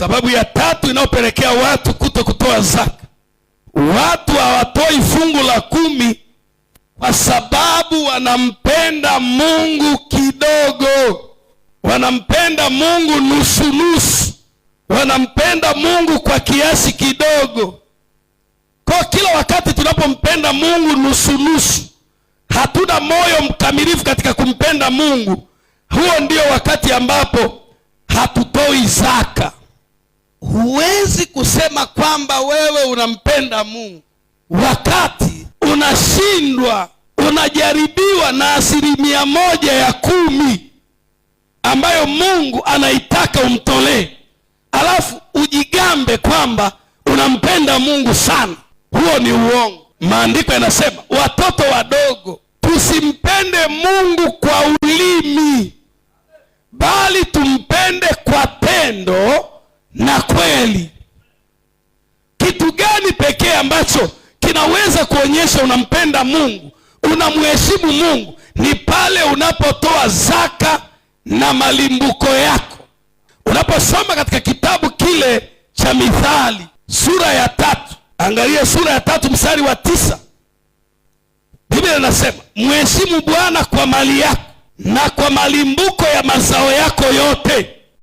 Sababu ya tatu inayopelekea watu kuto kutoa zaka, watu hawatoi fungu la kumi kwa sababu wanampenda Mungu kidogo, wanampenda Mungu nusunusu, wanampenda Mungu kwa kiasi kidogo. Kwa kila wakati tunapompenda Mungu nusunusu, hatuna moyo mkamilifu katika kumpenda Mungu, huo ndio wakati ambapo hatutoi zaka kusema kwamba wewe unampenda Mungu wakati unashindwa, unajaribiwa na asilimia moja ya kumi ambayo Mungu anaitaka umtolee, alafu ujigambe kwamba unampenda Mungu sana. Huo ni uongo. Maandiko yanasema watoto wadogo, tusimpende Mungu kwa ulimi, bali tumpende kwa tendo na kweli ambacho kinaweza kuonyesha unampenda Mungu, unamheshimu Mungu ni pale unapotoa zaka na malimbuko yako. Unaposoma katika kitabu kile cha Mithali sura ya tatu, angalia sura ya tatu mstari wa tisa. Biblia inasema mheshimu Bwana kwa mali yako na kwa malimbuko ya mazao yako yote